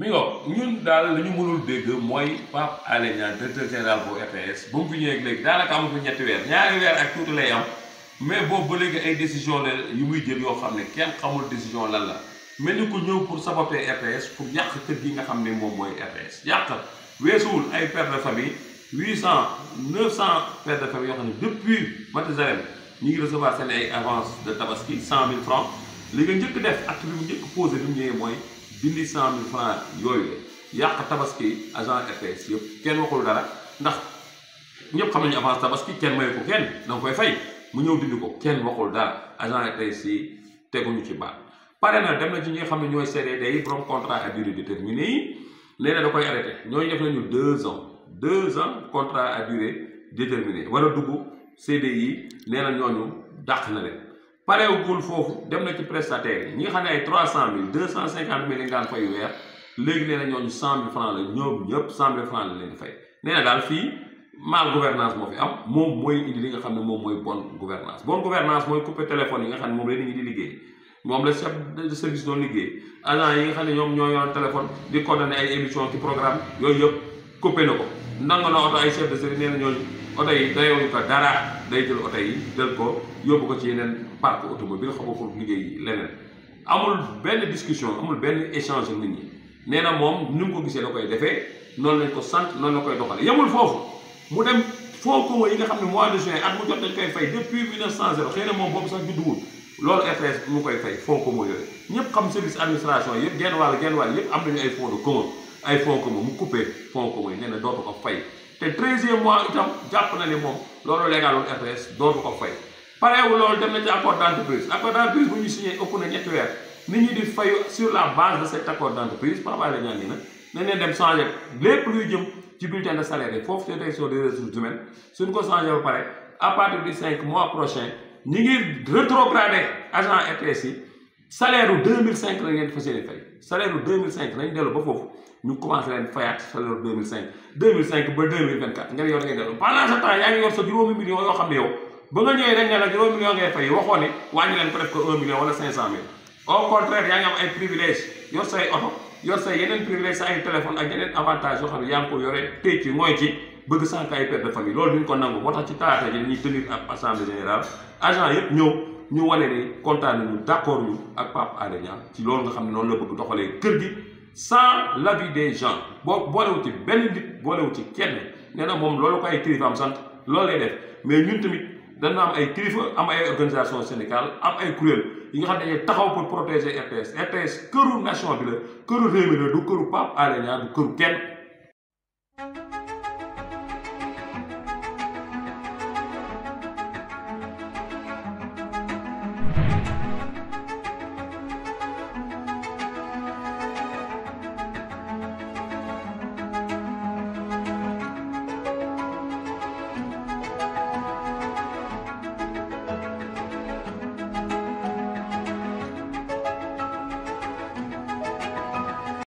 mi ngo ñun daal la ñu mënul dégg mooy Pape Alé Niang directeur général bu RTS ba mu fi ñëwee léegi daanaka amu fi ñetti weer ñaari weer ak tuuti lay am mais boobu ba léegi ay décision la yu muy jël yoo xam ne kenn xamul décision lan la mel ni ko ñëw pour saboter RTS pour yàq kër yi nga xam ne moom mooy RTS yàq weesuwul ay per de famille huit cent neuf cent pères de famille yoo xam ne depuis Mathusalem ñu ngi recevoir avance de tabaski cent mille francs li nga njëkk def mooy dindi cent mille francs yooyu yàq tabaski agent RTS yëpp kenn waxul dara ndax ñëpp xam nañu avance tabaski kenn mayu ko kenn danga koy fay mu ñëw dindi ko kenn waxul dara agent RTS yi teguñu ci baat pare na dem na ci ñi nga xam ne ñooy CDD yi borom contrat à durée déterminée yi nee na da koy arrêté ñooy def nañu deux ans deux ans contrat à durée déterminée war a dugg CDI nee na ñooñu dàq na leen pareewul foofu dem na ci prestataire yi ñi nga xam ne ay trois cent mille deux cent cinquante mille nga fay weer léegi nee na ñooñu cent mille franc la ñoom moo mooy li nga xam ne moom mooy bonne gouvernance bonne gouvernance mooy couper téléphone yi nga xam ne moom la nit ñi di liggéey moom la liggéey agent yi nga xam ne ñoom ñoo yor téléphone di coordonné ay émission ci programme yooyu yëpp couper na ko nangu na oto ay chef de service nee na ñooñu oto yi doyewuñ ko dara day jël oto yi jël ko yóbbu ko ci yeneen parc automobile xam nga foofu liggéey leneen amul benn discussion amul benn échange nit ñi nee na moom ni mu ko gisee la koy defee noonu lañ ko sant noonu la koy doxale yamul foofu mu dem foo yi nga xam ne mois de juin at mu jot dañ koy fay depuis 1900 xëy na moom boobu sax judduwul loolu RTS mu koy fay fonds commun yooyu ñëpp xam service administration yëpp genn wàll genn wàll yëpp am nañu ay fonds de commun ay fonds commun mu coupé fonds commun yi nee na dootu ko te treizième mois itam jàpp na ni moom loolu légalul RTS dootu ko fay pareewu loolu dem na ci accord d' entreprise accord d' bu ñu signé ëpp na ñetti weer nit ñi di fayu sur la base de cet accord d' entreprise Pambaay la ñaan nii nag dem changé lépp luy jëm ci bulletin de salaire yi foofu ci direction des ressources humaines suñ ko changé ba pare à partir du cinq mois prochain ñi ngi rétrogradé agent RTS yi salaire ru deux mille cinq la dellu ba foofu ñu commencé leen fayaat salaire deux mille cinq deux mille cinq ba deux mille nga ne ngi yor sa juróomi million yoo xam ne yow ba nga ñëwee rek ne la juróomi million ngay fay waxoo ne million wala cinq cent mille au contraire yaa ngi am ay privilège yor say oto yor say yeneen privilège sa ay téléphone ak yeneen avantage yoo xam ne yaa ngi ko yore tey ci mooy ci bëgg sànq ay père de famille loolu duñ ko nangu moo tax ci talaata ji dañuy tenir ab ñu wane ne kontaan nañu d'accord ñu ak Pape Alé Niang ci loolu nga xam ne noonu la bëgg doxalee kër gi sans l'avis des gens boo boolewu ci benn nit boolewu ci kenn nee na moom loolu ko ay kilifa am sant loolu lay def mais ñun tamit dana am ay kilifa am ay organisation sénégal am ay kuréel yi nga xam ne dañuy taxaw pour protéger RTS RTS këru nation bi la këru réew mi la du këru Pape Alé Niang du këru kenn thank you